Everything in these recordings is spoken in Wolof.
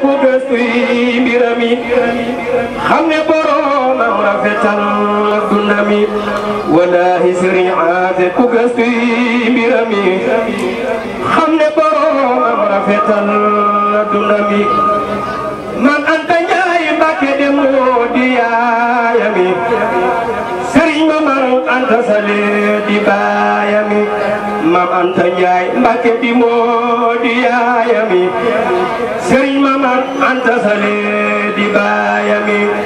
ku gëstuy yi xam ne boroomam rafetal dundam yi wallaahi sëriñ aate ku xam ne boroomam rafetal dundam yi man anta njaay mbàkke dem moo di Serigne Mame Anta Sali di baayami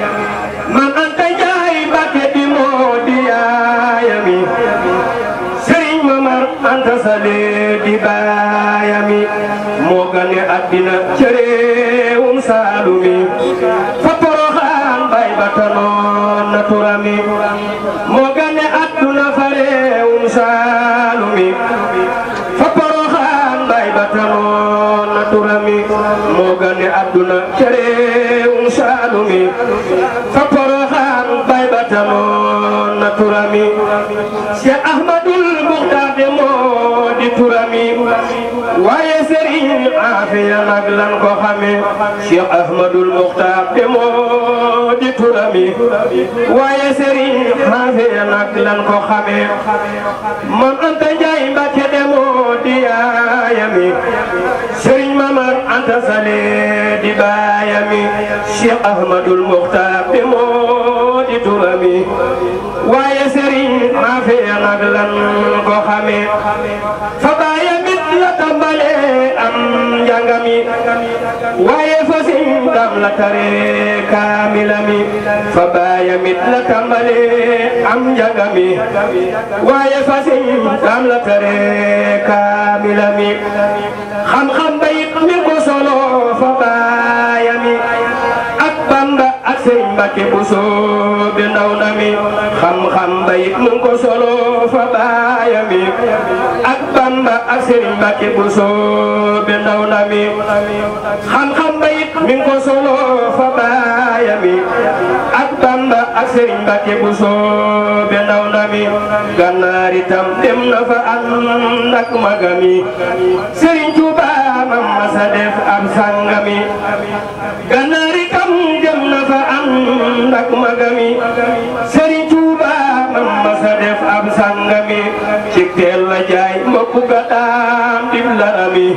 fi na nag lan ko xamee Cheikh Ahmadul Muxtaar te moo di turami waaye Serigne xaafi na nag lan ko xamee Maam Anta Njaay Mbàkke te moo di yaayami Serigne Mamar Anta Sale di baayami Cheikh Ahmadul Muxtaar te moo di turami حملة كاملة فبايا مثل كمالي أم جغمي ويا فاسم حملة كاملة خم خم بيت ميكو سولو فبايا مي أكبر أكسر مكي بوسو بنو نمي خم خم بيت ميكو سولو فبايا مي أكبر أكسر مكي بوسو بنو نمي خم خم mi ngi ko solo fa baayami ak Bamba ak Serigne Mbacké Bousso be ndaw ndami gannaar itam dem na fa ànd ak magami Serigne Touba mam masa def am sangami gannaar itam dem na fa ànd ak magami Serigne Touba mam masa def am sangami ci teel la jaay mbokku gadaam dib larami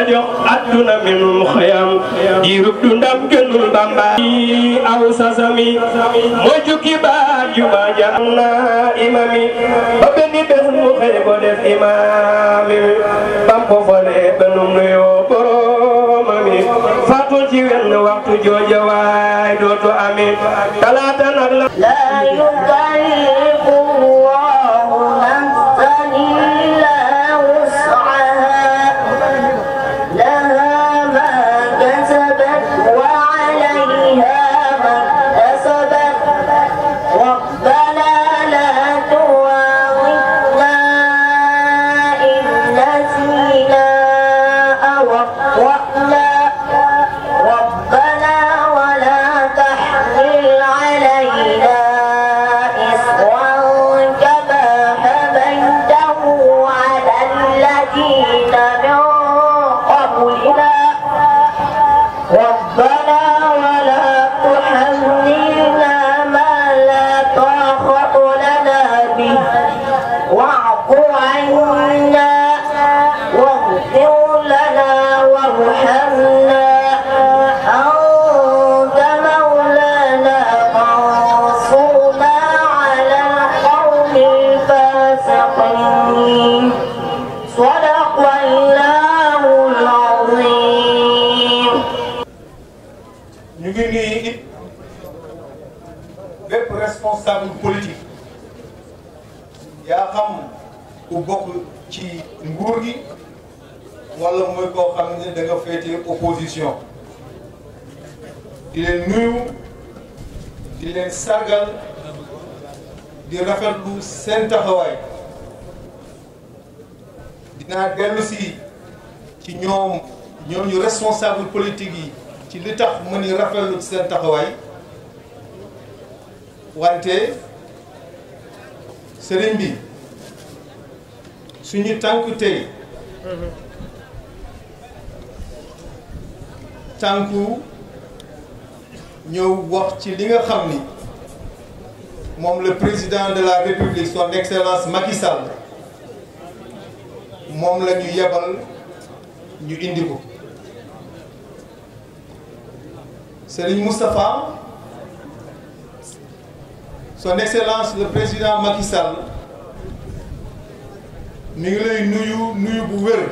la jox adduna minum xayam diirub dundam gënul bamba aw sasami moo jukki baat ju ma jam na imami ba benn bés mu ko def imami bam ko qui est opposition di leen nuyu di leen sargal di rafetlu seen taxawaay dinaa dellu ci ñoom ñoom ñu responsable politique yi ci li tax ma ni rafetlu seen taxawaay wante sëriñ bi suñu tànk tey mm-hmm. tànku ñëw wax ci li nga xam ni moom le président de la république son excellence Macky Sall moom lañu ñu ñu indi ko Serigne Moustapha son excellence le président Macky Sall mi ngi lay nuyu nuyu bu wér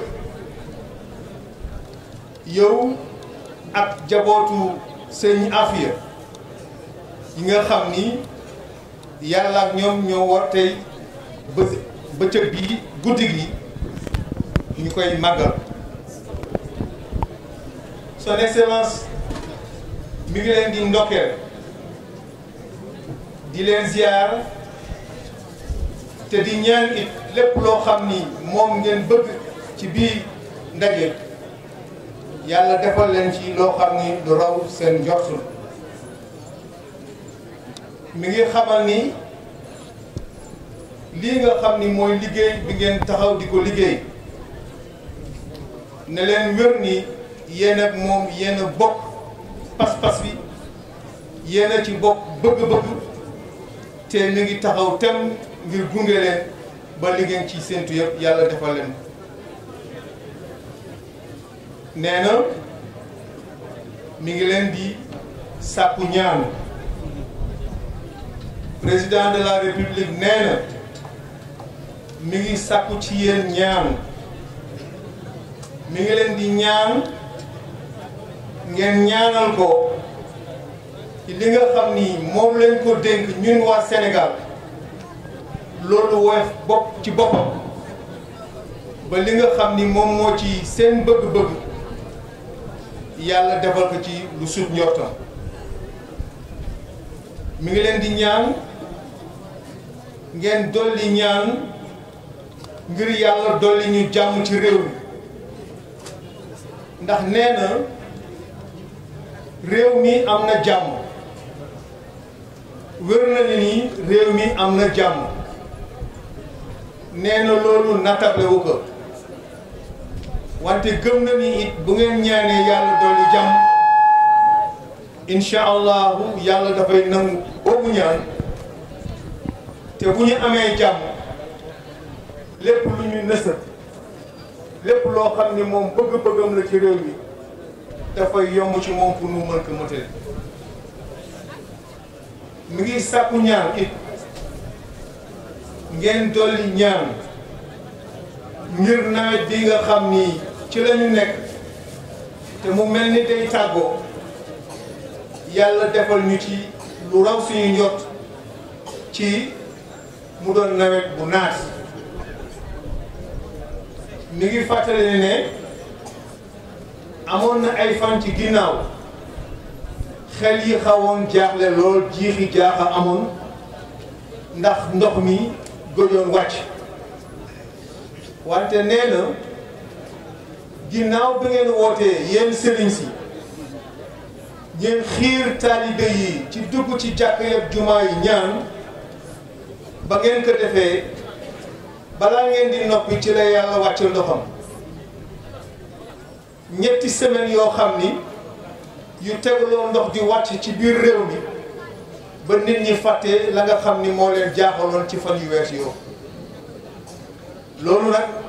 yow. ak jabootu sëñ Afia yi nga xam ni yàlla ñoom ñoo war tey bës bëccëg bi guddi gi ñu koy màggal son excellence mi ngi leen di ndokkeel di leen ziar te di ñaan it lépp loo xam ni moom ngeen bëgg ci biir ndaje yàlla defal leen ci loo xam ni du raw seen njortul mi ngi xamal ni lii nga xam ni mooy liggéey bi ngeen taxaw di ko liggéey ne leen wér ni yéen ak moom yéen a bokk pas-pas bi yéen a ci bokk bëgg-bëgg te mi ngi taxaw tem ngir gunge leen ba liggéey ci séntu yëpp yàlla defal leen nee na mi ngi leen di sàkku ñaan président de la république nee na mi ngi sàkku ci yéen ñaan mi ngi leen di ñaan ngeen ñaanal ko ci li nga xam ni moom leen ko dénk ñun waa Sénégal loolu woyof bopp ci boppam ba li nga xam ni moom moo ci seen bëgg-bëgg yàlla defal ko ci lu sut njortam mi ngi leen di ñaan ngeen dolli ñaan ngir yàlla dolli ñu jàmm ci réew mi ndax nee na réew mi am na jàmm wér na ni réew mi am na jàmm nee na loolu nattable wu ko wante gëm na ni it bu ngeen ñaanee yàlla doolu jàmm incha allahu yàlla dafay nangu boobu ñaan te bu ñu amee jàmm lépp lu ñu nësa lépp loo xam ni moom bëgg-bëggam la ci réew yi dafay yomb ci moom pour mu mën ko mëtale mi ngi sàkku ñaan it ngeen dolli ñaan ngir naa bi nga xam ni ci lañu nekk te mu mel ni day tàggoo yàlla defal ñu ci lu raw suñu njot ci mu doon nawet bu naat mi ngi fàttali ne amoon na ay fan ci ginnaaw xel yi xawoon jaaxle lool jiixi jaaxa amoon ndax ndox mi gëjoon wàcc wante nee na ginnaaw bi ngeen wootee yéen sëriñ si ngeen xiir taalibe yi ci dugg ci jàkk yëpp jumaa yi ñaan ba ngeen ko defee balaa ngeen di noppi ci la yàlla wàcc ndoxam ñetti semaine yoo xam ni yu tegaloo ndox di wàcc ci biir réew mi ba nit ñi fàtte la nga xam ni moo leen jaaxaloon ci fan yu wees yoo loolu nag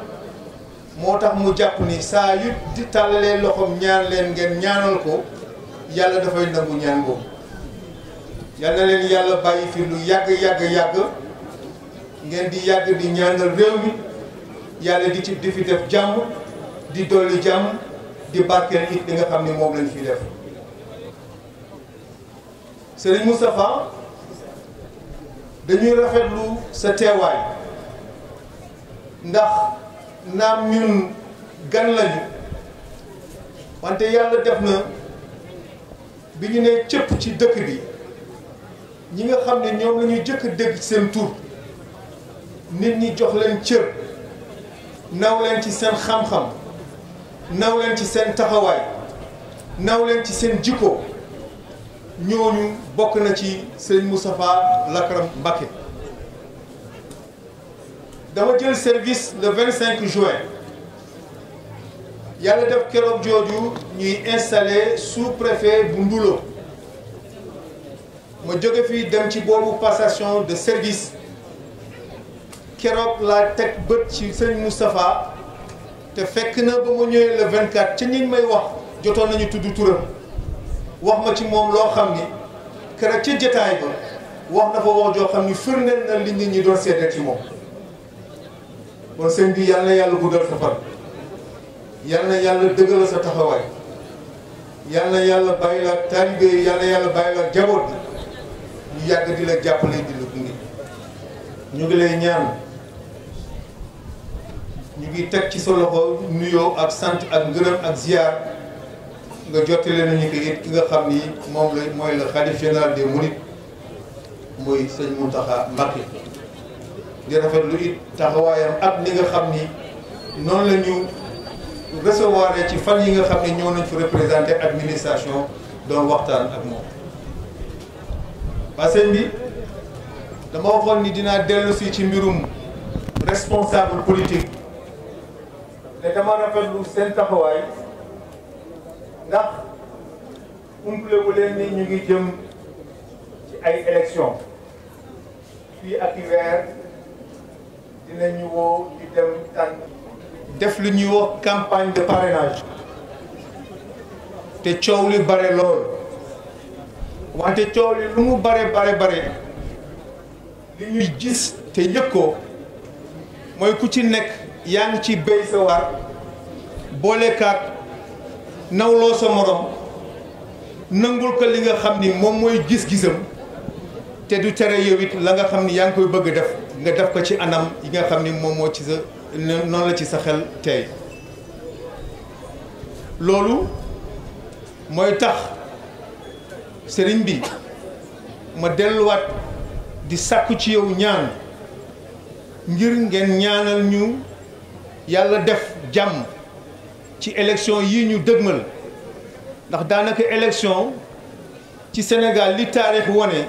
moo tax mu jàpp ni saa yu di tàllalee loxoom ñaan leen ngeen ñaanal ko yàlla dafay nangu ñaan boobu yàlla leen yàlla bàyyi fi lu yàgg yàgg yàgg ngeen di yàgg di ñaanal réew mi yàlla di ci di fi def jàmm di dolli jàmm di barkeel it li nga xam ne moom lañ fi def Serigne Moustapha dañuy rafetlu sa teewaay ndax. naam ñun gan lañu wante yàlla def na bi ñu nee cëpp ci dëkk bi ñi nga xam ne ñoom la jëkk dégg ci seen tur nit ñi jox leen cër naw leen ci seen xam-xam naw leen ci seen taxawaay naw leen ci seen jikko ñooñu bokk na ci sëñ Moustapha Lakaram Mbacké dama jël service le 25 juin yàlla def keroog jooju ñuy installé sous-préfet bu Ndoulo ma jóge fii dem ci boobu passation de service keroog laa teg bët ci sëñ Moustapha te fekk na ba ma ñëwee le 24 ci ñi may wax jotoon nañu tudd turam wax ma ci moom loo xam ni keroog ci jotaay ba wax na fa wax joo xam ni firndeel na li nit ñi doon seede ci moom. kon sëñ bi yal yàlla guddal sa fan yal na yàlla dëggal sa taxawaay yal na yàlla bàyyi la taalibe yi yal na yàlla bàyyi la jaboot bi ñu yàgg di la jàppale di la gunge ñu ngi lay ñaan ñu ngi teg ci sa loxo nuyoo ak sant ak ngërëm ak ziar nga jottale nañu ko it ki nga xam ni moom la mooy la xalif général des mourides muy sëñ Mountakha Mbacké di rafet lu it taxawaayam ak ni nga xam ni noonu la ñu recevoir ci fan yi nga xam ne ñoo nañ fi représenté administration doon waxtaan ak moom sëñ bi dama waxoon ni dinaa dellu si ci mbirum responsable politique te dama rafetlu seen taxawaay ndax umple wu leen ni ñu ngi jëm ci ay élection fii ak i dinañu woo ñu dem def lu ñuy wax campagne de parrainage te coow li bare lool wante coow li lu mu bare bare bare li ñuy gis te yëg ko mooy ku ci nekk yaa ngi ci béy sa waar boolekaat nawloo sa morom nangul ko li nga xam ni moom mooy gis-gisam te du tere yow it la nga xam ni yaa ngi koy bëgg def nga def ko ci anam yi nga xam ni moom moo ci sa noonu la ci sa xel tey loolu mooy tax sëriñ bi ma delluwaat di sàkku ci yow ñaan ngir ngeen ñaanal ñu yàlla def jàmm ci élection yi ñu dëgmal ndax daanaka élection ci Sénégal li taarix wone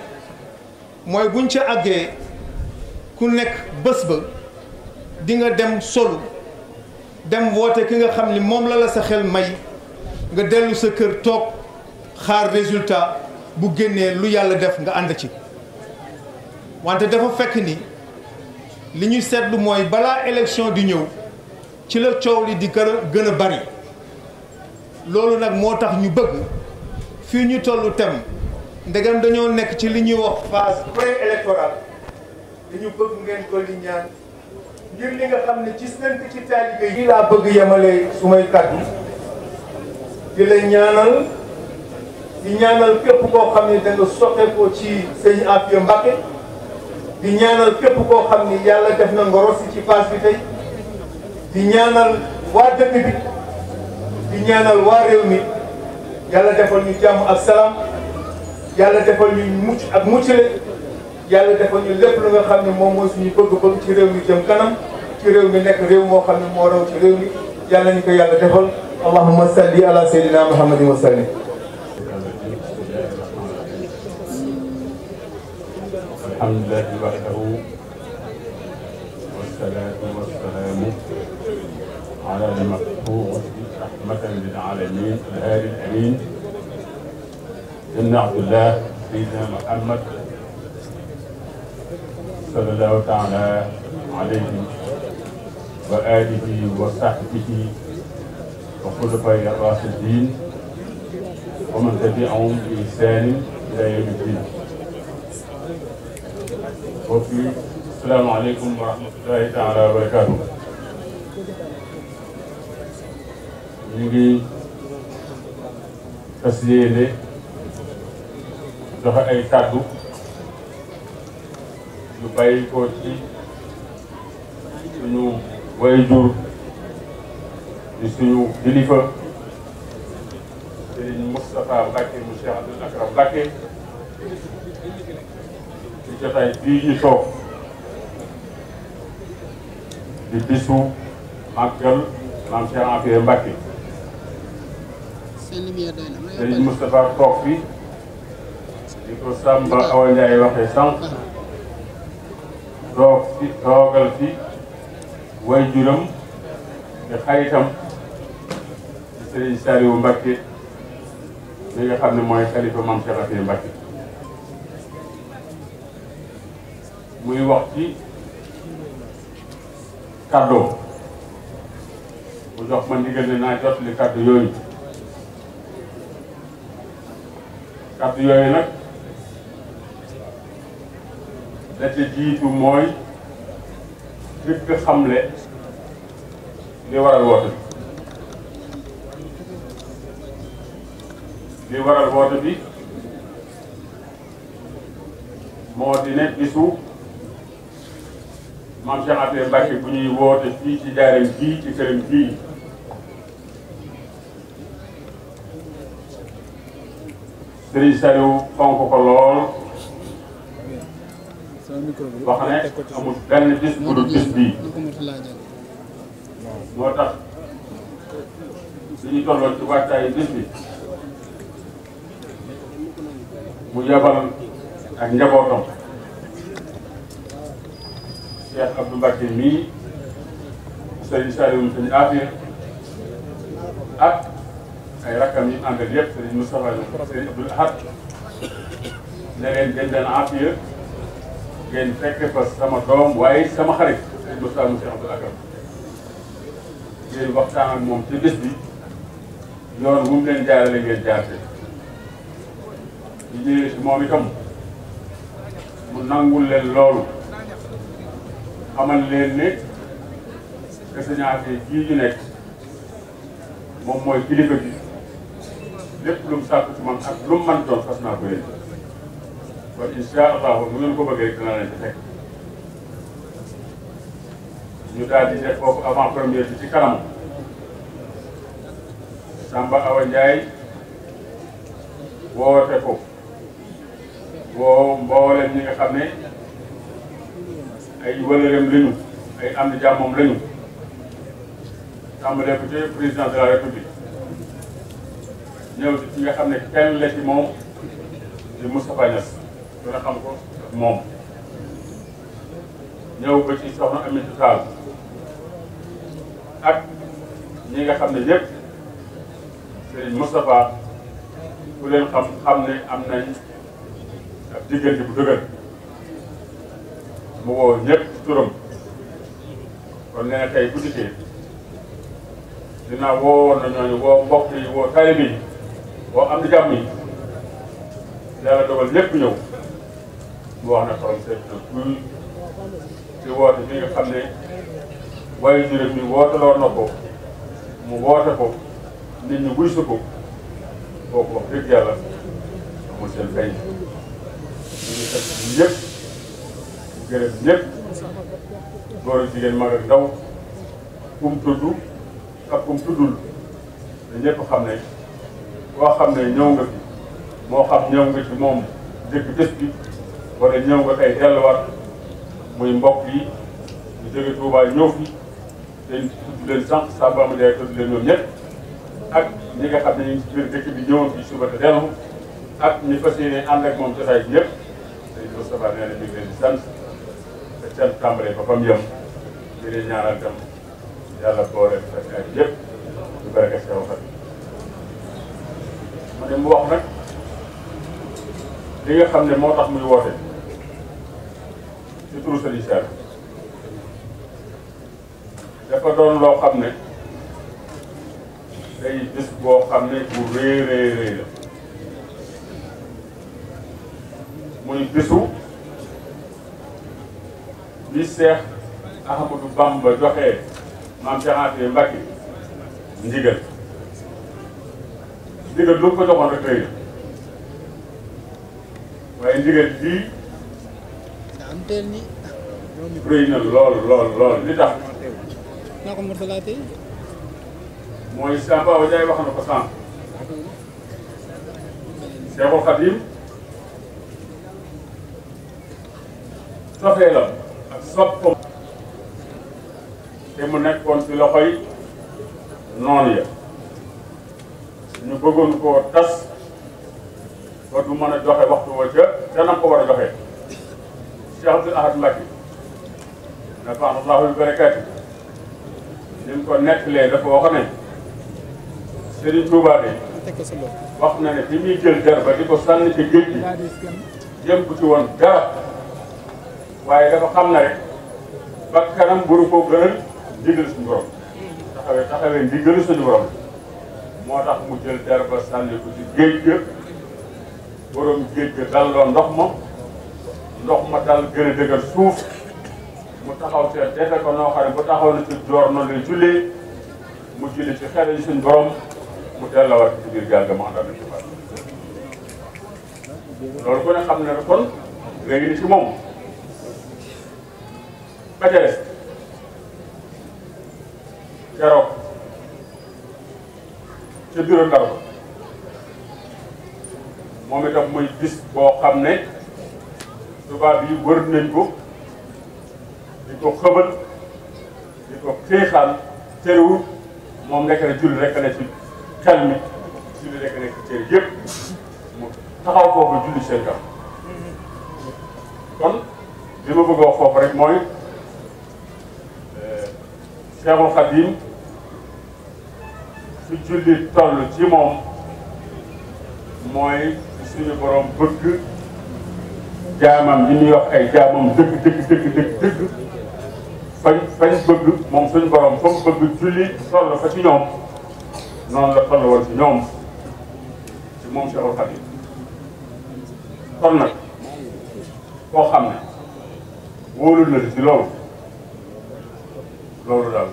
mooy buñ ca àggee ku nekk bés ba di nga dem solu dem woote ki nga xam ni moom la la sa xel may nga dellu sa kër toog xaar résultat bu génnee lu yàlla def nga ànd ci wante dafa fekk ni li ñuy seetlu mooy balaa élection di ñëw ci la coow li di gën a gën a bari loolu nag moo tax ñu bëgg fii ñu tollu tem ndegam dañoo nekk ci li ñuy wax phase pré-électorale dañu bëgg ngeen dolli ñaan ngir li nga xam ne ci sant ci taalibe yi laa bëgg yemale su may kàddu di la ñaanal di ñaanal képp koo xam ne da nga soqeekoo ci sëñ Afia Mbacké di ñaanal képp koo xam ni yàlla def na nga rossi ci paas bi tey di ñaanal waa dëkk bi di ñaanal waa réew mi yàlla defal ñu jàmm ak salaam yàlla defal ñu mucc ak muccale yàlla defal ñu lépp lu nga xam ne moom mooy suñu bëgg-bëgg ci réew mi jëm kanam ci réew mi nekk réew moo xam ne moo raw ci réew mi yàlla ñu ko yàlla defal allahumma salli ala sayyidina muhammadin wa sallim alhamdulillahi wahdahu wassalatu wassalamu ala al-mab'uuth rahmatan lil alamin al-haadi al-amiin ibn abdillah sayyidina muhammad sallallahu taala alayhi wa alihi wa sahbihi wa xulafaa'i raashidin wa man tabi'ahum bi ihsaanin ilaa yawmi diin mbokk yi salaamaaleykum wa rahmatullahi taala wa barakaatu ñu ngi fas yéene joxe ay kàddu yu bàyyi ko ci suñu wayjur di suñu kilifa Serigne Moustapha Mbacke mu Cheikh Abdoul Akram Mbacke ci jotaay bii ñu toog di bisu màggal maam Cheikh Afia Mbacke Serigne Moustapha toog fi di ko Samba Awa Ndiaye waxee sànq toog fi toogal fi way juram di xaritam di sëriñ Saliou Mbacké mi nga xam ne mooy xalifa Mame Cheikh Rafet Mbacké muy wax ci kàddu bu jox ma ndigal ne naa jot li kàddu yooyu kàddu yooyu nag la ca jiitu mooy dëkk xamle li waral woote bi li waral woote bi moo di ne bisu maam Cheikh Anta Mbacke bu ñuy woote fii ci jaareem bii ci këram bii Serigne Saliou fonk ko lool wax ne amul benn bis bu dul bis bii moo tax li ñu tolloon ci waajtaayu bis bi mu yabal ak njabootam Cheikh Abdou Mbacke mii sëriñ Saliou sëriñ Afia ak ay rakkam yi àndal yëpp sëriñ Moustapha sëriñ Abdoul Ahad ne leen jënd leen ngeen fekk fa sama doom waaye sama xarit sëñ Moustapha Moussa Abdoul Akram ngeen waxtaan moom ci bés bi yoon wu mu leen jaarale ngeen jaarte ñu ñëwee si moom itam mu nangul leen loolu xamal leen ne que sëñ Afia kii ñu nekk moom mooy kilifa bi lépp lu mu sàkku ci man ak lu mu mën doon naa ko yéen kon insha allahu bu ngeen ko bëggee rek fekk ñu daal def foofu avant première bi ci kanam Samba Awa Ndiaye woote ko woo mbooleem ñi nga xam ne ay wëlëreem lañu ay am di jàmmoom lañu tàmbalee ko ci président de la république ñëw ci nga xam ne kenn la moom di Moustapha Niass dina xam ko moom ñëw ba ci soxna Aminata Tall ak ñi nga xam ne ñëpp Serigne Moustapha ku leen xam xam ne am nañ ab diggante bu dëgër mu woo ñëpp ci turam kon nee na tey bu dikkee dinaa woowoon na ñooñu woo mbokk yi woo taalibe yi woo am di jàmm yi yàlla dogal ñëpp ñëw mu wax na xolam sedd na guy ci woote bi nga xam ne waaye juróom bi woote loo na ko mu woote ko nit ñi wuy su ko kooku wax dëgg yàlla amul seen fay ñu ngi sant ñëpp gërëm mag ak ndaw kum tudd ak kum tuddul te ñëpp xam ne koo xam ne ñëw nga fi moo xam ñëw nga ci moom dëkk wala ñëw nga tey delluwaat muy mbokk yi ñu jóge Touba ñëw fi te tudd leen sànq Samba Amady Diaye tudd leen ñoom ñëpp ak ñi nga xam ne ñu ngi ci biir dëkk bi ñëwoon fii suba moom jotaay bi ñëpp tey Moustapha nee na ñu ngi yëpp ñu barke si ne li nga xam ne moo tax muy woote. ci turu Serigne Cheikh dafa doon loo xam ne day bis boo xam ne bu rëy rëy rëy la muy bisu bi Cheikh Ahmadou Bamba joxee maam Cheikh Anta Mbacké ndigal ndigal lu ko joxoon rek rëy la waaye ndigal lii teel ni rëy na lool lool lool li tax naa ko morsalaatee mooy Samba Ndiaye wax na ko sànq Seexul Xadim soxee la ak soppam te mu nekkoon ci loxoy noonu ya ñu bëggoon koo tas ba du mën a joxe wax wa ca te ko war a joxe Cheikh Abdoul Ahad Mbacké nafaxallahu bi barakaatu ni mu ko nettalee dafa wax ne Serigne Touba de wax na ne fi muy jël der ba di ko sànni ci géej gi jëm bu ci woon dara waaye dafa xam na rek ba kanam buru ko gënal ndigal suñu borom taxawee borom moo tax mu jël der ba sànni ko ci géej ga borom géej ga dalloo ndox ma ndox ma dal gën a dëgër suuf mu taxaw ca defe ko noo xam ne bu taxaw na ci joor noonu lay jullee mu julli ci xere yi suñ borom mu delluwaat ci biir gaal ga mu àndal ci baax loolu ku ne xam ne kon léegi ni ci moom ba ca des keroog ca bureau moom itam muy bis boo xam ne tubaab yi wër nañ ko di ko xëbal di ko xeexal terewul moom nekk na julli rek ne ci xel mi julli rek ne ci cër yëpp mu taxaw foofu julli seen kam kon li ma bëgg a wax foofu rek mooy euh, Seexul Xadiim su julli toll ci moom mooy suñu borom bëgg jaamam li ñuy wax ay jaamam dëgg dëgg dëgg dëgg dëgg fañ fañ moom suñ borom fa mu bëgg julli toll fa ci noonu la toll woon ci ñoom ci moom Cheikhul Khadim kon nag koo xam ne wóolu na li ci loolu daal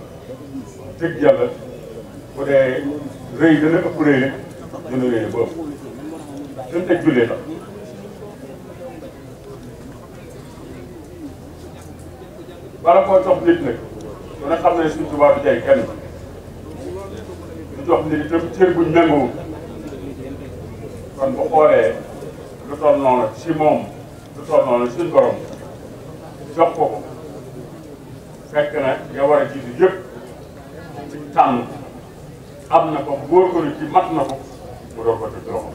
dëgg yàlla bu dee rëy dana ëpp rëy rek dana rëy ba ëpp suñ teg bala koo jox nit nag dana xam ne suñ tubaab bi jaay kenn du jox nit itam cër buñ nanguwul kon bu xoolee lu toll noonu si moom lu toll noonu suñ borom jox ko ko fekk na ya war a jiitu yëpp ci tànn am na ko góor ko ci mat na ko mu door ko tëj loxo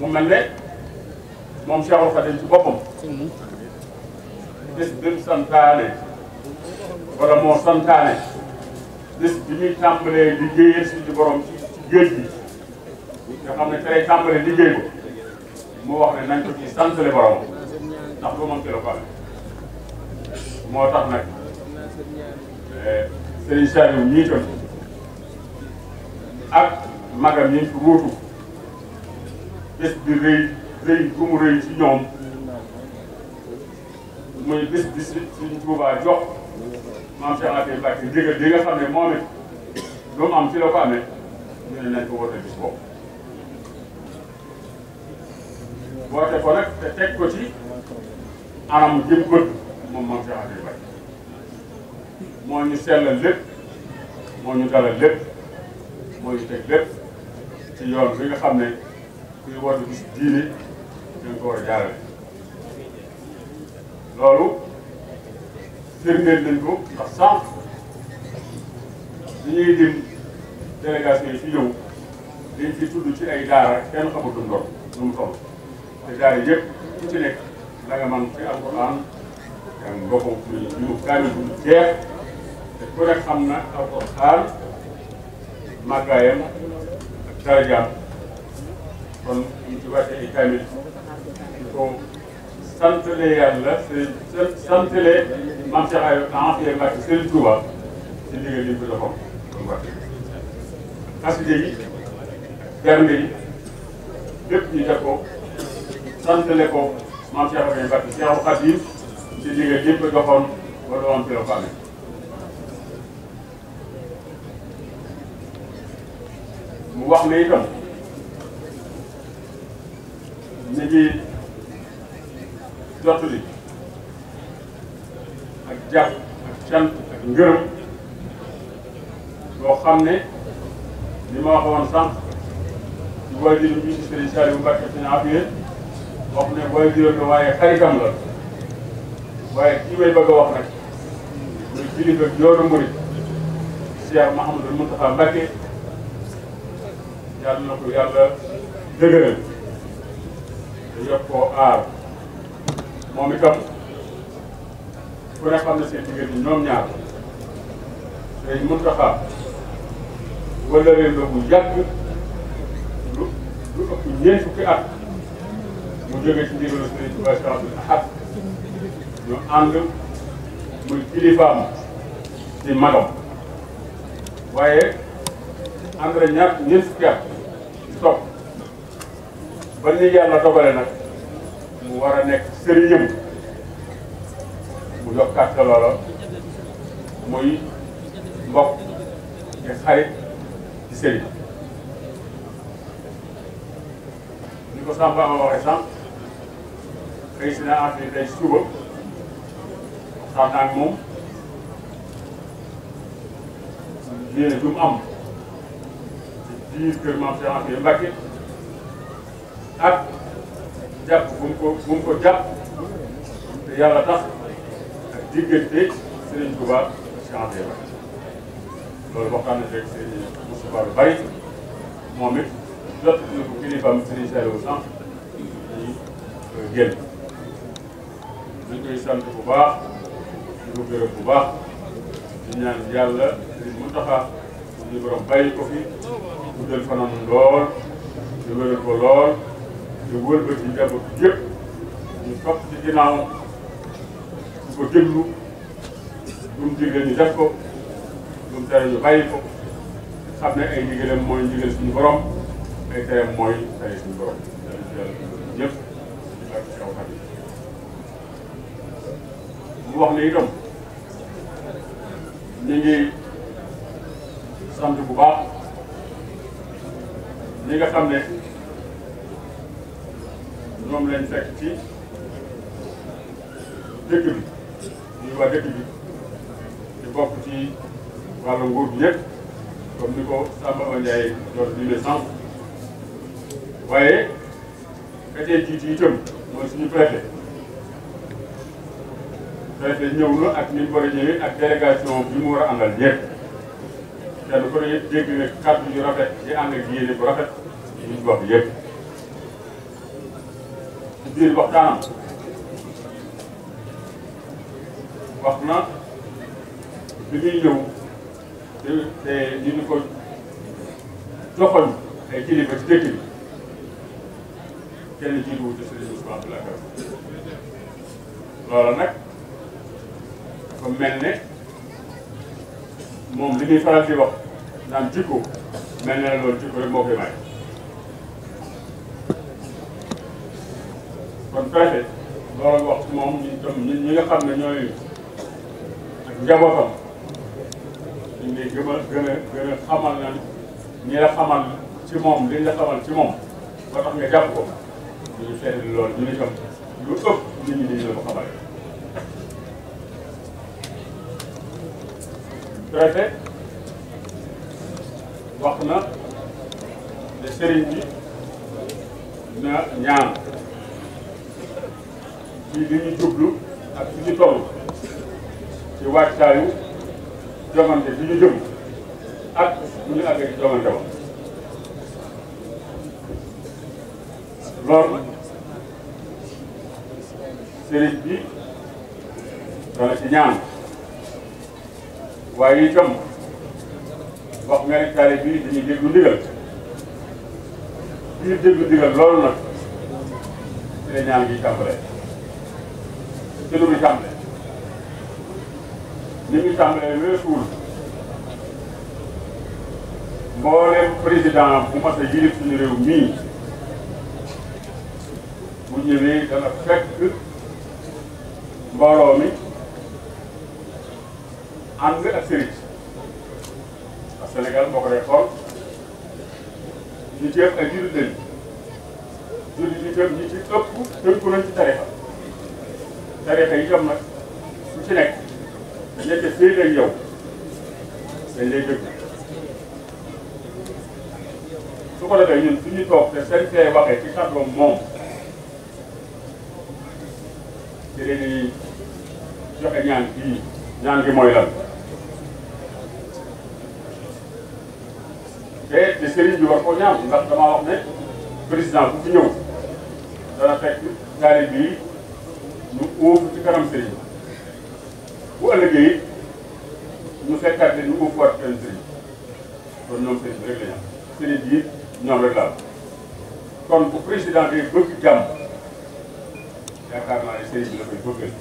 mu mel ne moom Cheikhul Khadim ci boppam bis bi mu santaane wala moo santaane bis bi muy tàmbalee liggéeyal borom ci géej gi nga xam ne liggéey ko mu wax ne nañ ko ci santale borom ndax ba moom ci la ko amee moo tax nag eh, Serigne Saliou ak magam yi fi wuutu bis bi rëy ci ñoom muy bés bi Sëriñ Tuubaa jox maam Cheikh Anta Mbacke ndigal nga xam ne moom it lu mu am ci la ko amee ñu ne nañ ko woote bis boobu woote ko nag te teg ko ci anam jëm bëgg moom maam moo ñu sel lépp moo ñu dalal lépp moo ñu teg lépp ci yoon bi nga xam ne kuy woote bis diine dañ ko war a loolu firndeel nañ ko ndax sànq li ñuy dim délégation yi fi ñëw dañ fi tudd ci ay daara kenn xamatul ndox nu mu toll te daara yëpp ku ci nekk la nga man fi alquran yaa ngi boppam muy ñu kaamil bu jeex te ku rek xam na alquran ak darajaam kon ñu ci wàcce ay kaamil ko santale yàlla sëriñ santale maam Cheikh Ayou Ancien Mbacke Serigne Touba ci liggéey bi ñu ko joxoon xasida yi garnde yi lépp ñu def ko santale ko maam Cheikh Ayou Mbacke Cheikh Khadim ci liggéey bi ñu ko joxoon ba doon pilo fàlle mu wax ne jottali ak jàpp ak cant ak ngërëm loo xam ni li ma waxoon sànq ci waajur bi ci Sëriñ Saliou Mbacke suñu affaire wax ne waajur la waaye xaritam la waaye kii may bëgg a wax nag muy kilifa yoonu murit Cheikh Mouhamadou Moustapha Mbacke yàlla na ko yàlla dëgëral te yokk koo aar moom itam ku ne xam na seen diggante ñoom ñaar dañ mënta xaar wala leen la bu yàgg lu lu ëpp ñeent fukki at mu jógee ci ndigalu Sëriñ Tuubaa Cheikh Abdoul Ahad ñu ànd muy kilifaam di magam waaye ànd la ñaar ñeent fukki at topp ba ni yàlla dogale nag. mu war a nekk sëriñam mu jox kàtt loola muy mbokk di xarit ci sëriñ ni ko Samba ma waxee sànq xëy si naa affaire tey suba xam naa ak moom yéene du am ci biir kër maam Cheikh Afia Mbacke ak jàpp bu mu ko bu ko jàpp te yàlla tax ak diggante Serigne Touba Ba loolu waxtaan na fekk Serigne Moustapha lu bari moom it jot na ko kilifaam Serigne Saliou sànq dañuy euh, génn dañ koy sant bu di ko gërëm bu baax di ñaan yàlla Serigne Mountakha suñu borom bàyyi ko fi guddal fanam lool di lool ñu wëlbati njaboot yëpp ñu topp ci ginnaaw di ko déglu lu mu digle ñu def ko lu mu tere ñu bàyyi ko xam ne ay ndigalam mooy ndigal suñu borom ay tereem mooy tere suñu borom ñëpp ak kaw xam mu wax ne itam ñu ngi sant bu baax ñi nga xam ne moom lañ fekk ci dëkk bi ñuy waa dëkk bi di bokk ci wàllu nguur bi yëpp ni ko Samba Awa Ndiaye doon dimee sànq waaye ka tey jiitu itam mooy suñu préfet préfet ñëw ak ni mu war ak délégation bi mu war a àndal ñëpp kenn ku ne yëpp yu rafet di ànd ak yéene bu rafet ñu wax biir waxtaanam wax na bi muy ñëw te di ñu ko joxoñ ay kilifa ci dëkk bi kenn jiituwu ci sëriñ Ousmane Abdoulaye Kane loola nag mel ne moom li muy faral di wax naan jikko mel ne la loolu jikko rek moo koy kon fexe loolu wax moom ñun tam ñun ñi nga xam ne ñooy ak njabootam dañ lay gën a gën a gën a xamal na ñi la xamal ci moom liñ la xamal ci moom ba tax nga jàpp ko ñu seetlu loolu ñu ne tam lu ëpp nit ñi dañu la ko wax na bi na ci li ñu jublu ak fi ñu toll ci waajtaayu jomante bi ñu jëm ak bu ñu àggee ci jomante wa loolu sëriñ bi dana ci ñaan waaye itam wax nga ne taale bi dañuy déglu ndigal bi ñu déglu ndigal loolu nag ci la ci lu muy tàmbalee li muy tàmbalee weesuul mboolem président bu mas réew bu ñëwee dana fekk mbooloo mi ànd ak sëriñ parce que Sénégal boo ko dee xool ñu jéem ay jullit lañ jullit yi tarixa yi itam nag ci nekk dañ def fii ak yow dañ lay déglu su ko defee ñun suñu toog te seen see waxee ci kàddoom moom ci la ñuy joxe ñaan gi gi mooy lan te te sëriñ bi war ko ñaan ndax damaa wax ne président bu fi ñëw dana fekk taalib bi uuf ci kanam sëriñ bu ëllëgee ñu fekkaat ne ñu uuf waat ci kanam sëriñ kon ñoom sëriñ bi rek la ñu am sëriñ bi ñoom rek la am kon bu président day bëgg jàmm yaakaar naa ne sëriñ bi la koy bëggal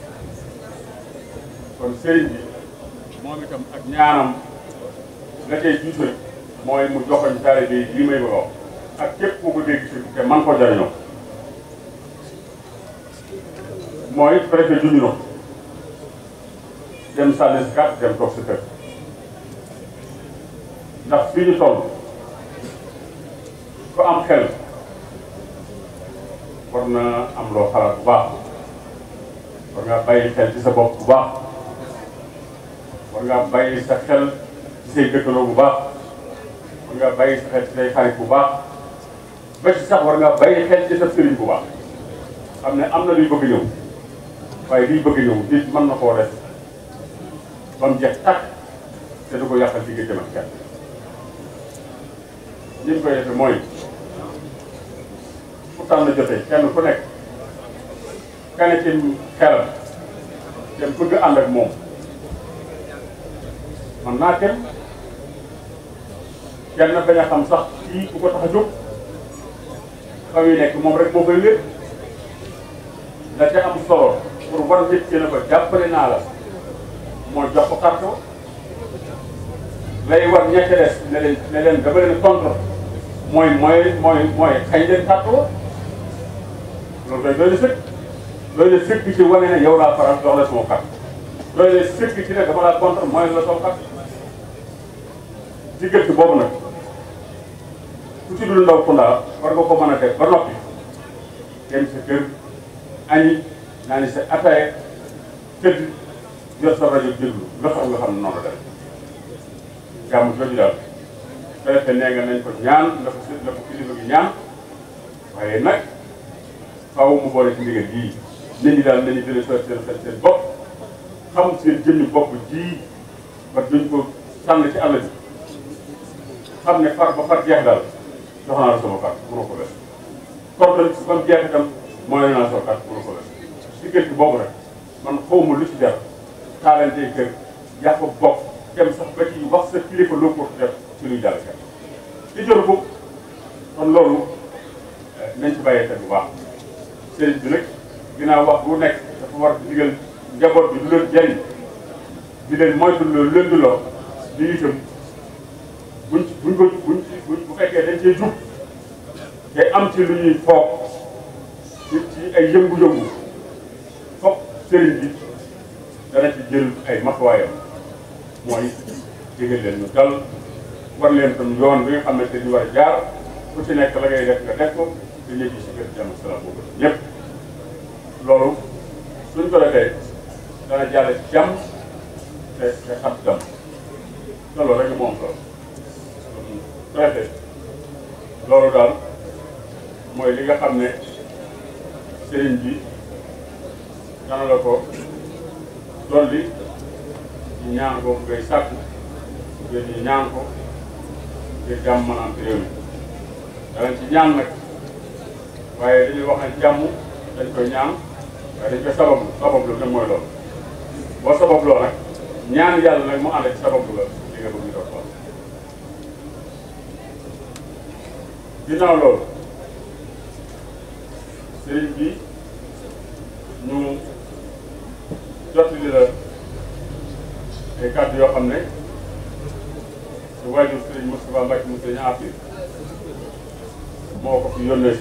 kon sëriñ bi moom itam ak ñaanam la cay jiital mooy mu joxoñ taalibe yi li may wax ak képp ku ko dégg te man mooy préfet juñu na dem sànni si kat dem toog si kër na fii ñu toll ku am xel war na am loo xalaat bu baax war nga bàyyi xel ci sa bopp bu baax war nga bàyyi xel ci bu baax war nga bàyyi sa xel ci bu ba war nga bàyyi xel ci sa sëriñ bu baax xam ne am na luy bëgg ñëw waaye liy bëgg ñëw bii mën na koo def ba mu jeex tàkk te du ko yàqal diggante ak kenn li ñu koy mooy fu tànn jotee kenn ku nekk kane ci xelam te bëgg ànd ak moom man naa kenn kenn bañ a xam sax kii ku moom rek moo koy wér da ca am solo. pour war nit ki ne ko jàppale naa la moo jox ko carton lay war ñetti des ne leen ne leen dama leen contre mooy mooy mooy mooy xañ leen carton loolu day doy na sëkk doy na sëkk ci wane ne yow laa faral jox la sama carte na sëkk ci ne dama laa contre mooy la sama carte ci gëtt boobu nag ku ci dul ndaw ku ndaw war nga ko mën a def ba noppi dem sa naa ne sa ataaya tëdd yor sa rajo déglu nga xam nga xam ne noonu la dem gàmm daal su defee nee nañ ko ñaan na ko na ko kilifa gi ñaan waaye nag faaw mu boole ci ndigal yii nit ñi daal nañu gën a seen seen seen bopp xam seen jëmmi bopp ji ba ko ci àll bi xam ne far ba far jeex daal jox naa la sama kàtt mënoo ko def. kooku nag su ko jeex itam mooy naa ko def. diggante boobu rek man xaw ma lu ci def xaalantee kër yaa ko bokk dem sax ba ci wax sa kilifa loo ko def ci luy dal kat ci jot ko kon eh, ci bàyyee xel bu baax sëriñ bi nag ginnaaw wax bu nekk dafa war a digal njaboot bi du leen jëriñ di leen moytu loolu leen du loo di itam buñ ci buñ ko buñ ci bu fekkee dañ cee am ci lu ñuy foog ci ci ay yëngu-yëngu sëriñ bi dana ci jël ay matuwaayam mooy digal leen ñu dal war leen tam yoon bi nga xam ne te ñu war a jaar ku ci nekk la ngay def nga def ko te ñu ci kër jàmm salaam boobu ñëpp loolu suñ ko defee dana jàll jàmm te te xam jàmm loolu rek moom solo daal mooy li nga xam ne sëriñ bi dana la ko dolli ñu ñaan ko ngay sàkku ngir ñu ñaan ko ngir jàmm mën am ci réew mi danañ ci ñaan nag waaye dañuy wax ne jàmm dañ koy ñaan waaye dañ koy sabablu sabablu nag mooy loolu boo sababloo nag ñaan yàlla nag mu ànd ak sabablu la li nga bëgg ñu doon ginnaaw loolu sëriñ bi ñu jot li la ay kàddu yoo xam ne su waajur sëriñ Moustapha Mbacke mu sëriñ Afir moo ko fi yónnee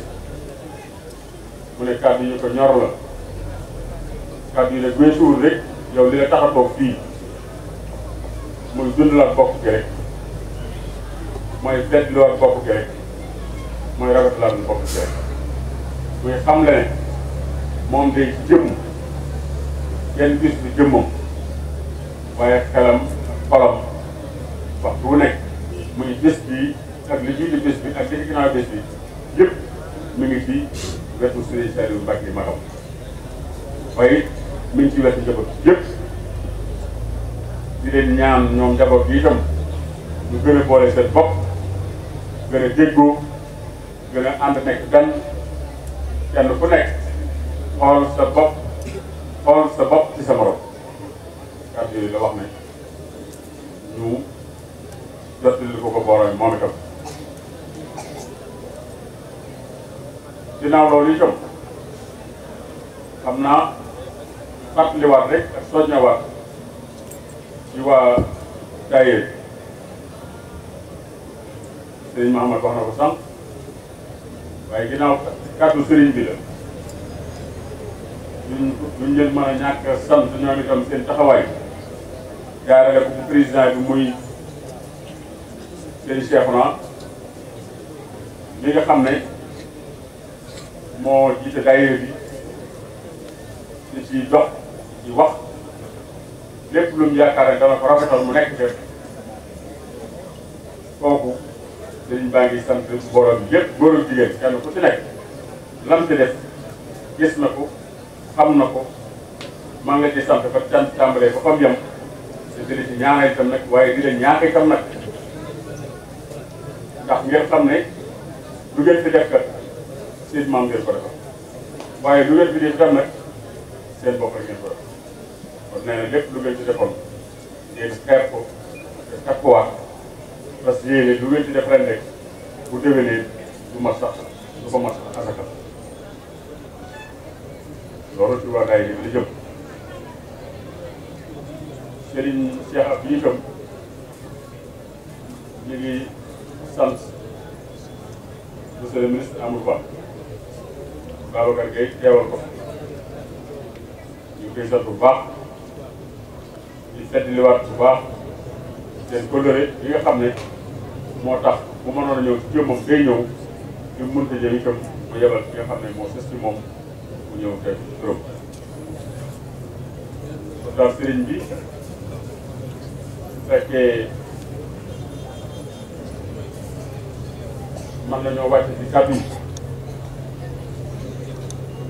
ne kàddu yi ko ñor la kàddu yi nag weesuwul rek yow li la tax a toog fii muy dund la bokk gi rek mooy bett lu war bokk gi rek mooy rafetlu la bokk muy xam moom day jëm. kenn gis ni jëmmam waaye xelam ak xolam waxtu wu nekk muy bés bi ak li jiitu bés bi ak li ci ginnaaw bés bi yëpp mi ngi ci wetu Sëriñ Saliou Mbacke magam waaye mi ngi ci wetu njaboot yëpp di leen ñaan ñoom njaboot yi itam ñu gën a boole seen bopp gën a déggoo gën a ànd nekk gan kenn ku nekk xool sa bopp xool sa bopp ci sa borom kàddu yooyu la wax ne ñu jottali ko ko borom moom itam ginnaaw loolu itam xam naa fàttaliwaat rek ak soññawaat ci waa daayira sëriñ Mahamad wax na ko sànq waaye ginnaaw kàddu sëriñ bi la duñ duñ leen mën ñàkk sant ñoom itam seen taxawaay jaarale ko bu président bi muy seen Cheikhouna li nga xam ne moo jiite daayira bi di ci dox di wax lépp lu mu yaakaar ne dana ko rafetal mu nekk def kooku sëriñ baa ngi sant borom yëpp góor ak jigéen kenn ku ci nekk lam ci def gis na ko xam na ko maa ngi la ciy sant ba cant tàmbalee ba fam yam te di ci ñaanal itam nag waaye di la ñaax itam nag ndax ngeen xam ne lu ngeen fi def kat seen maam ngeen ko defal waaye lu ngeen fi def nag seen bopp ngeen ko def kon nee na lépp lu ngeen ci defoon ngeen xeeb ko te takkuwaat parce lu ngeen ci def ren rek bu déwénee du mat sax du ko mat asakal loolu Touba Daayira bi la jëm Serigne Cheikh Abdou itam ñu ngi sant monsieur le ministre Amadou Ba Babacar Gueye teewal ko ñu ngi koy sant bu baax di seddliwaat bu baax seen coloré yi nga xam ne moo tax bu mënoon a ñëw ci jëmmam day ñëw ñu mënta jëm itam mu yebal ki nga xam ne moo sës ci moom ñëw teg turam kon daal sëriñ bi fekkee mën nañoo wàcc ci kàddu yi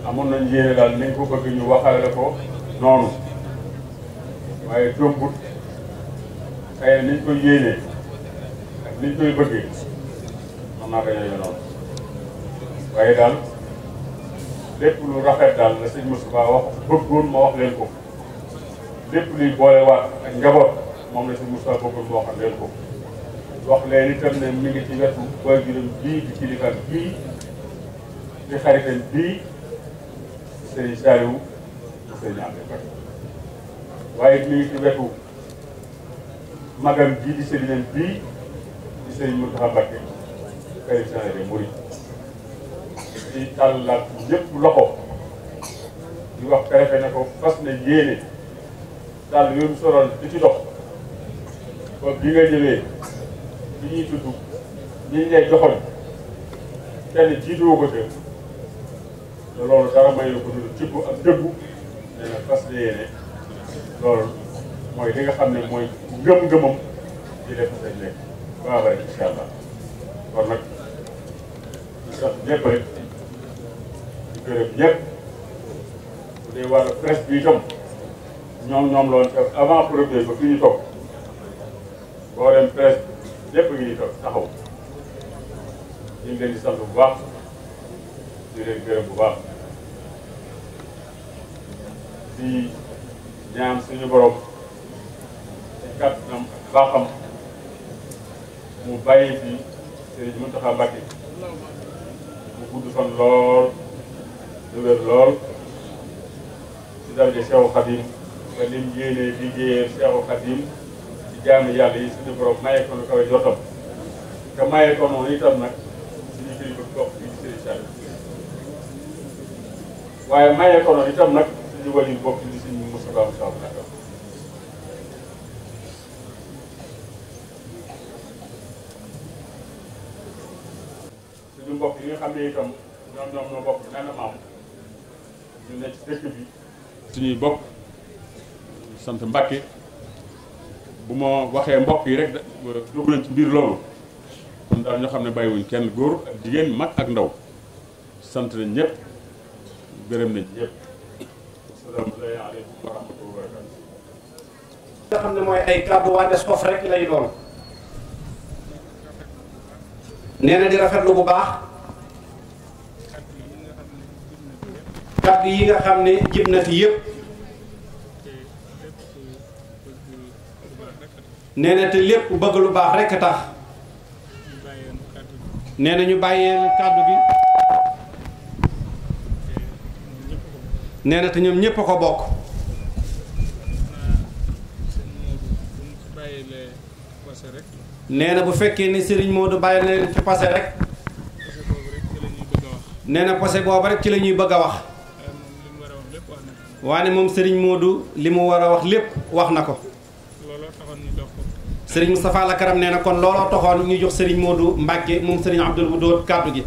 amoon nañ yéene daal ni ko bëgg ñu waxale ko noonu waaye jombut xëy niñ koy yéene ak niñ koy bëggee mën naa ko yéene noonu waaye lépp lu rafet daal la sëñ Moustapha wax bëggoon ma wax leen ko lépp luy boolewaat wa njaboot moom la sëñ Moustapha bëggoon ma wax leen ko wax leen itam ne mi ngi ci wetu booy juróom bii di kilifaam bii di xaritam bii sëñ Saliou sëñ Amdi Mbacke waaye mi ngi ci wetu magam bii di sëriñam bii di sëñ di tàllaat ñëpp loxo di wax préfet ne ko fas na yéene dàll yooyu soroon di ci dox bi nga ñëwee bi ñuy tudd ñi ngay joxoñ kenn jiituwoo ko te loolu dara may ko dul cibb ak fas na yéene loolu mooy li nga xam ne mooy ngëm-ngëmam di def sañ nekk baax rek incha allah kon nag ñu sax gërëm ñëpp bu dee wàllu presse bi itam ñoom ñoom loon def avant projet ba fi ñu toog boo dem presse lépp ngi ñu toog taxaw ñu ngi leen di sant bu baax di leen gërëm bu baax di ñaan suñu borom ci lu wér lool ci darje Seexu Xadim nga lim yéene liggéeyal Seexu Xadim ci jaamu yàlla yi suñu borom maye ko lu kawe jotam te maye ko noonu itam nag suñu kilifa gox bi Sëriñ Sall waaye maye ko noonu itam nag suñu wàllu bopp di suñu Moustapha Moustapha Naka suñu mbokk yi nga xam ne itam ñoom ñoom ñoo bokk benn maam ñu nekk bokk sant Mbàkke bu ma waxee mbokk yi rek dugg nañ ci biir loolu kon daal ñoo xam ne bàyyiwuñ kenn góor ak jigéen mag ak ndaw sant nañ ñëpp gërëm nañ ñëpp asalaamaaleykum xam ne mooy ay kàddu waa Descos rek lay doon nee na di rafetlu bu baax kàddu yi nga xam ne jib na fi yëpp te lépp bëgg lu baax rekk a tax nee ñu bàyyeen kàddu bi nee na te ñoom ñépp a ko bokk nee na bu fekkee ne Serigne Modou bàyyi leen ci passé rek nee na passé boobu rek ci lañuy bëgg a wax waane moom Serigne Modou li mu war a wax lépp wax na ko. Serigne Moustapha la Karam nee na kon looloo taxoon ñu jox Serigne Modou Mbacke moom Serigne Abdoul Wadoud kàddu gi.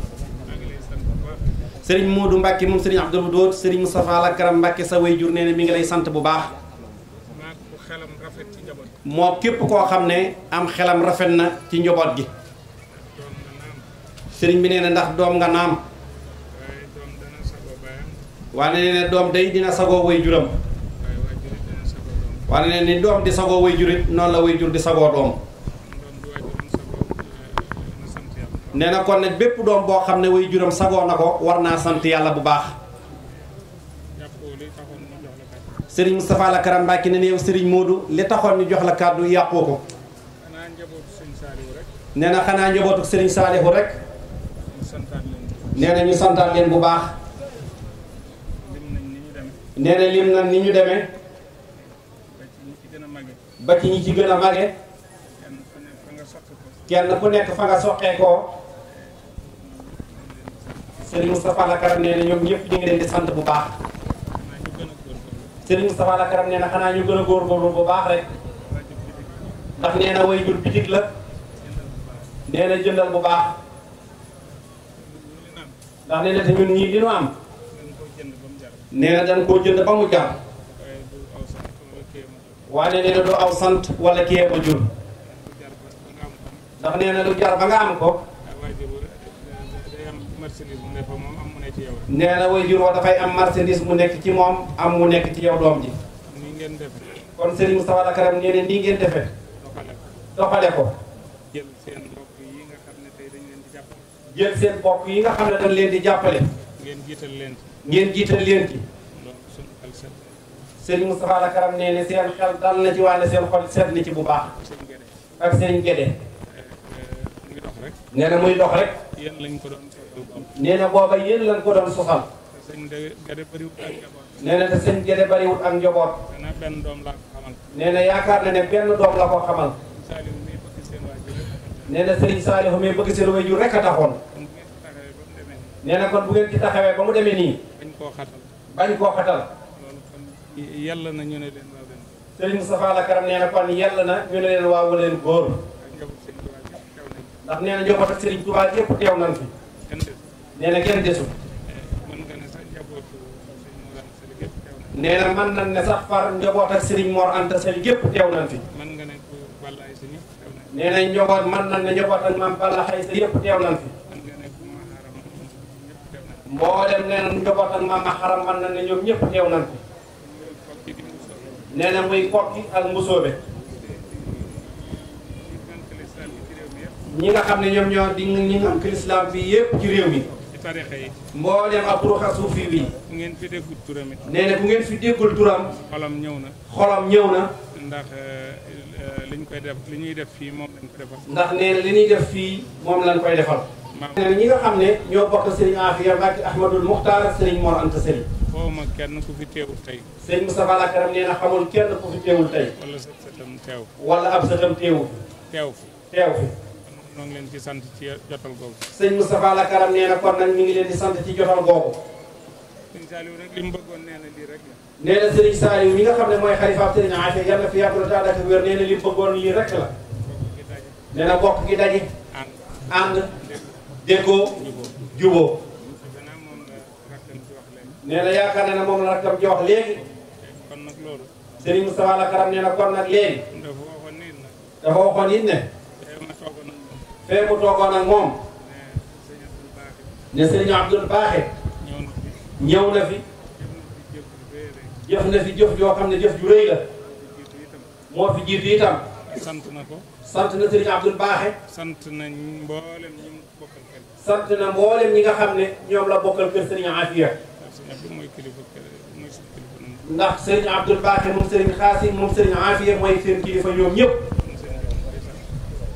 Serigne Modou Mbacke moom Serigne Abdoul Wadoud Serigne Moustapha la Karam Mbacke sa wayjur nee na mi ngi lay sant bu baax. moo képp koo xam ne am xelam rafet na ci njaboot gi. sëriñ bi nee na ndax doom nga naam. wane ne ne doom day dina sagoo way juram wane ne ni doom di sagoo way jurit noonu la way jur di sagoo doom nee na kon nag bépp doom boo xam ne way juróom sagoo na ko war naa sant yàlla bu baax sëriñ Moustapha la Karam Mbàkke ne yow sëriñ Modou li taxoon ñu jox la kàddu yàqu ko ne na xanaa njabootu sëriñ Saalihu rek nee na ñu santaat leen bu baax nee na lim ni ñu demee ba ci ñi ci gën a mage kenn ku nekk fa nga soqee koo Serigne Moustapha Lakaram nee na ñoom ñëpp ñu ngi leen di sant bu baax Serigne Moustapha Lakaram nee na xanaa ñu gën a góor bu baax rek ndax nee na way jur bitig la nee jëndal bu baax ndax nee na te ñun ñii li nu am nee na dañ koo jënd ba mu jar waaye nee na aw sant wala kee ma jur ndax nee na lu jar ba nga am ko nee na way jur wa dafay am marchandise mu nekk ci moom am mu nekk ci yow doom ji kon Serigne Moustapha Lakaram nee na nii ngeen defe doxale ko jël seen mbokk yi nga xam ne tey dañ leen di jàppale seen mbokk yi nga xam ne dañ leen di jàppale ngeen jiital leen ngeen jiital leen ci sëriñ Moustapha la karam nee ne seen xel dal na ci wàlle seen xol seet na ci bu baax ak sëriñ Gédé nee na muy dox rek nee na booba yéen lañ ko doon soxal nee na te sëñ Gédé bariwut ak njaboot nee yaakaar na ne benn doom la ko xamal nee na sëriñ Saalihu mi bëgg seen waajur rek a taxoon nee na kon bu ngeen ci taxawee ba mu demee nii koo xatal. bañ koo xatal. loolu kon yàlla na ñu ne leen waaw leen. Serigne Moustapha la Karam nee na yàlla na ñu ne leen waaw leen góor. ndax nee na njabootu Serigne Touba yëpp teew na kenn desul. Eh, na ne sax far njaboot ak Serigne Mor Anta Sali yëpp teew nañ fi. nee na njaboot mën nañ ne njaboot ak maam Balla Xaysa yëpp teew nañ fi. mboolem nee na njaboot ak maam xaram man na ne ñoom ñëpp teew nañ ko nee muy kokki ak musóobe ñi nga xam ne ñoom ñoo di ñi nga am lislaam bi yëpp ci réew mi. tarixa yi mboolem ab ruuxa suufi bi ku ngeen fi déggul turam it nee ngeen fi déggul turam xolam ñëw na xolam ñëw na ndax euh, euh, liñ koy def li ñuy def fii moom lañ ko defal ndax nee li ñuy def fii moom lañ koy defal ñeneen ñi nga xam ne ñoo bokk Serigne Afia Mbacke Ahmadul Muxtaar ak Serigne Mor Anta Serigne. xaw ma kenn ku fi teewul tey. Serigne Moustapha Lakaram nee na xamul kenn ku fi teewul tey. wala sa sëtam teew. wala ab sëtam teewul. teew fi teew fi. ñoo ngi leen ci sant ci jotal googu. sëñ Moustapha Lakaram nee na kon nag ñu ngi leen di sant ci jotal googu. sëñ Saliou rek li mu bëggoon nee na lii rek la. nee na sëriñ Saliou mi nga xam ne mooy xalifaam sëriñ Afia yàlla fi yàgg na taal ak wér nee na li mu bëggoon lii rek la. nee na bokk gi daje. ànd ànd. déggoo juboo nee na yaakaar ne na moom la rakkam ji wax léegi Serigne Moustapha la karam nee na kon nag léegi dafa waxoon it ne fee mu toogoon ak moom ne Serigne Abdoul Baaxe ñëw na fi jëf na fi jëf joo xam ne jëf ju rëy la moo fi jiitu itam sant na ko sant na Serigne Abdoul Baaxe sant nañ mboolem sant na mboolem ñi nga xam ne ñoom la bokkal kër sëriñ Afia ndax sëriñ Abdoul Baaxe moom sëriñ Xaasim moom sëriñ Afia mooy seen kilifa ñoom ñëpp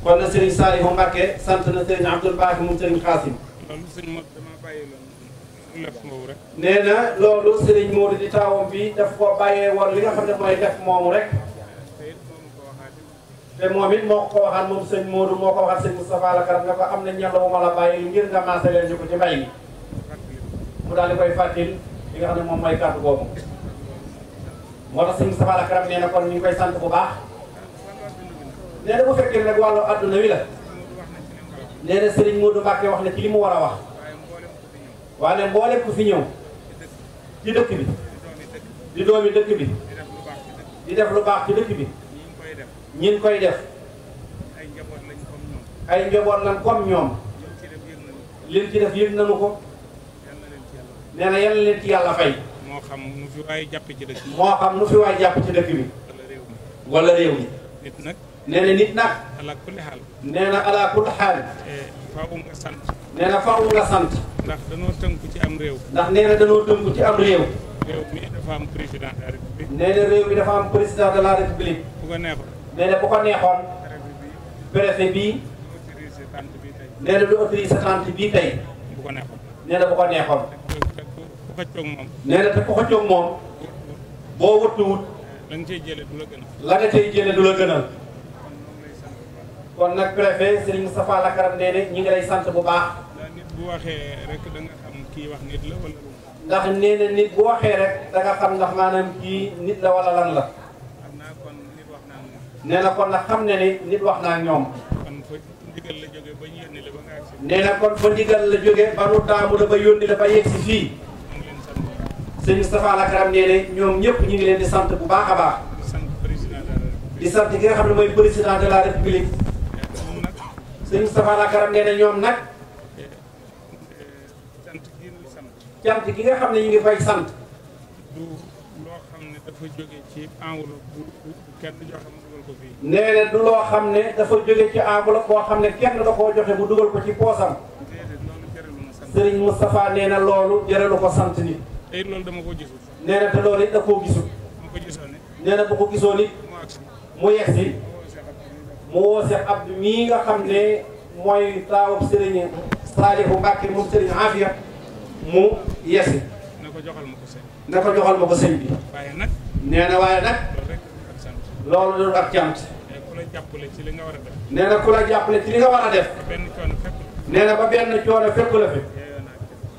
kon na sëriñ Saalihu Mbàkke sant na sëriñ Abdoul Baaxe moom sëriñ Xaasim nee na loolu sëriñ Modou di taawam bi daf ko bàyyee woon li nga xam ne mooy def moomu rek te moom it moo ko waxaan moom sëñ Modou moo ko waxaan sëñ Moustapha Lakar nga ko am na ñàll wu ma la bàyyi ngir nga maase leen ñu ko ci mbay mi mu daal di koy fàttil li nga moom mooy kàddu boobu tax sëñ Moustapha Lakar nee na kon ñu ngi koy sant bu baax nee na bu fekkee nag wàllu adduna wi la nee na sëriñ Modou Mbacke wax na ci li mu war a wax waaye mboole mboolem ku fi ñëw ci dëkk bi di doomi dëkk bi di def lu baax ci dëkk bi ñi koy def ay njaboot lañ comme ñoom liñ ci def yëg nañu ko nee na yàlla leen ci yàlla fay. moo xam nu fi waay jàpp ci dëkk bi. moo xam nu fi jàpp ci dëkk bi. wala réew mi. nit nag. nee na nit nag. ala kulli xaal. nee na ala kulli xaal. faaw nga sant. nee na nga sant. ndax danoo tënku ci am réew. ndax nee na danoo tënku ci am réew. réew mi dafa am président de la république. nee na mi dafa am président de la ko nee na bu ko neexoon préfet bii nee na lu autorisé tente bii tey nee na bu ko neexoon. nee na te ku xëccoog moom boo wuttuwut la nga cay jëlee du la gënal. la nga cay jëlee du la gënal. kon nag préfet Serigne Moustapha Lakaram nee na ñi ngi lay sant bu baax. ndax nit bu waxee rek da xam la ndax nee na nit waxee rek da nga xam ndax kii nit la wala lan la. nee na kon nag xam ne ni nit wax naa ak ñoom. nee na kon fa ndigal la jógee ba nu daamu la ba yónni la ba yegg si fii. sëñ Moustapha Lakaram nee na ñoom ñëpp ñu ngi leen di sant bu baax a baax. di sant ki nga xam ne mooy président de la république. sëñ Moustapha Lakaram nee na ñoom nag. cant gi nga xam ne ñu ngi fay sant. du loo ci enveloppe nee na du loo xam ne dafa jóge ci enveloppe boo xam ne kenn da koo joxe bu dugal ko ci poosam Serigne Moustapha nee na loolu jërelu ko sant nit te it dama ko gisul nee na te loolu it da koo gisul nee na bu ko gisoon it mu yegsi mu woo Cheikh Abdou mii nga xam ne mooy taawub Serigne Saliou Mbacke moom Serigne Afia mu yegsi na ko joxal ma ko sëñ na joxal ma ko sëñ bi waaye waaye nag loolu doon ak jant. nee ku la jàppale ci li nga war a def. nee na la ci li nga war a def. nee na ba benn coono fekk la fi.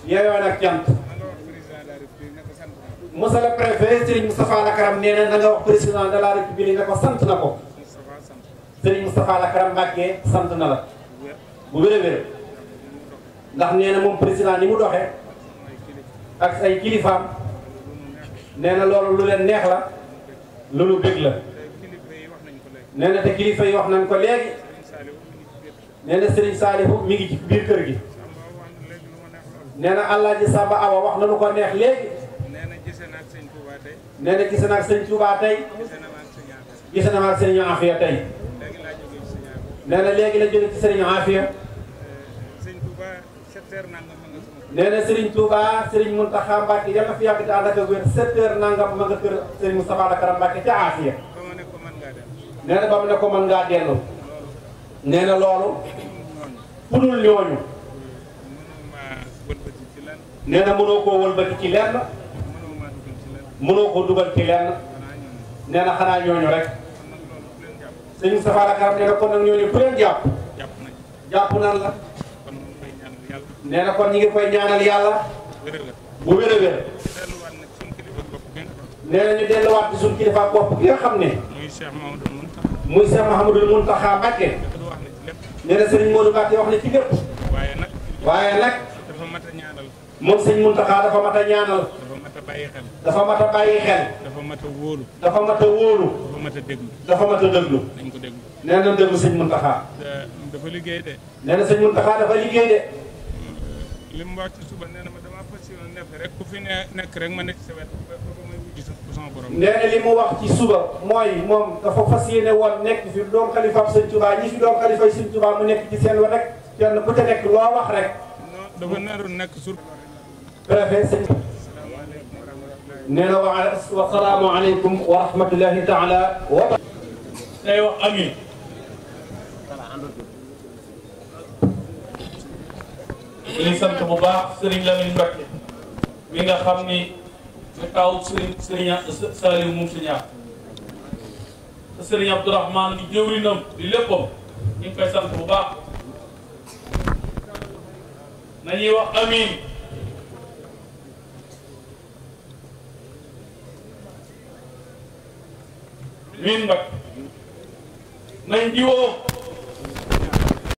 yeeyoon ak jant. monsieur le préfet Serigne Moustapha Lakaram nee na na nga wax président de la république nga ko sant na ko. Serigne Moustapha Lakaram Mbàkke sant na la. bu wér a wér ndax nee na moom président ni mu doxee ak ay kilifaam nee na loolu lu leen neex la lu lu bëgg la. nee na te yi wax nañ ko léegi nee na Serigne Saliou mi ngi ci kër gi nee na Alaaji Samba Awa wax na lu ko neex léegi nee na gis na ak Serigne tey gis na ma ak Serigne tey nee na léegi la jóge ci Serigne Afia nee na Serigne Touba Serigne Mountakha Mbacke yàlla fi yàgg te ànd ak wér 7 heures nangam ma nga kër Serigne Moustapha Dakar Mbacke ca Afia. nee na ba mu ne ko mën ngaa dellu nee na loolu punul ñooñu nee na koo wëlbati ci lenn mënoo koo dugal ci lenn nee na xanaa ñooñu rek sëñ Safara Karam nee na kon nag ñooñu ku leen jàpp jàpp nan la nee na kon ñi ngi koy ñaanal yàlla bu wér a wér na ñu delluwaat ci suñu bopp gi nga xam ne muy Cheikh Mouhamadul Mountakha Mbacké ñu ne Serigne Modou Mbacké wax na ci lépp waaye nag moom Serigne Mountakha dafa mat a ñaanal dafa mat a bàyyi xel dafa mat a wóolu dafa mat a wóolu dafa mat a déglu dafa mat a déglu nañ ko déglu nee na déglu Serigne Mountakha dafa liggéey de nee na Serigne Mountakha dafa liggéey de li mu wax ci suba nee na ma dama fas yéene nekk rek ku fi nekk rek ma nekk sa wet nee na li mu wax suba mooy moom dafa fas yéene woon nekk fi doon xalifaam sëñ Tuubaa ñi fi nekk ci seen wàll rek kenn ku ca nekk loo wax rek. dafa naroon na wa salaamualeykum wa rahmatulahi taala wa day wax amiin. li sant bu baax Serigne Lamine Mbacke mi nga xam di taw Serigne Serigne Saliou moom Serigne Ab te Serigne Abdourahmane di jëwrinam di léppam ñu ngi koy sant bu baax nañuy wax amin